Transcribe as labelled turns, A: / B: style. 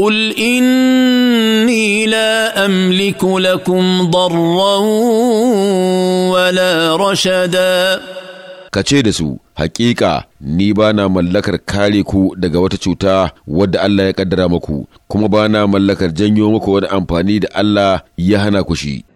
A: قل اني لا املك لكم ضرا
B: ولا رشدا ka ce da su hakika ni ba na mallakar kare ku daga wata cuta wadda Allah ya kaddara muku kuma ba na mallakar janyo muku wani amfani da Allah ya hana ku shi